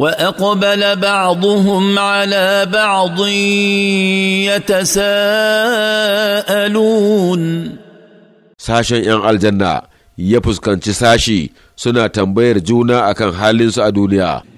واقبل بعضهم على بعض يتساءلون ساشن ان الجنه يفسكن ساشي سنه تنبير جونا اكن حالين سو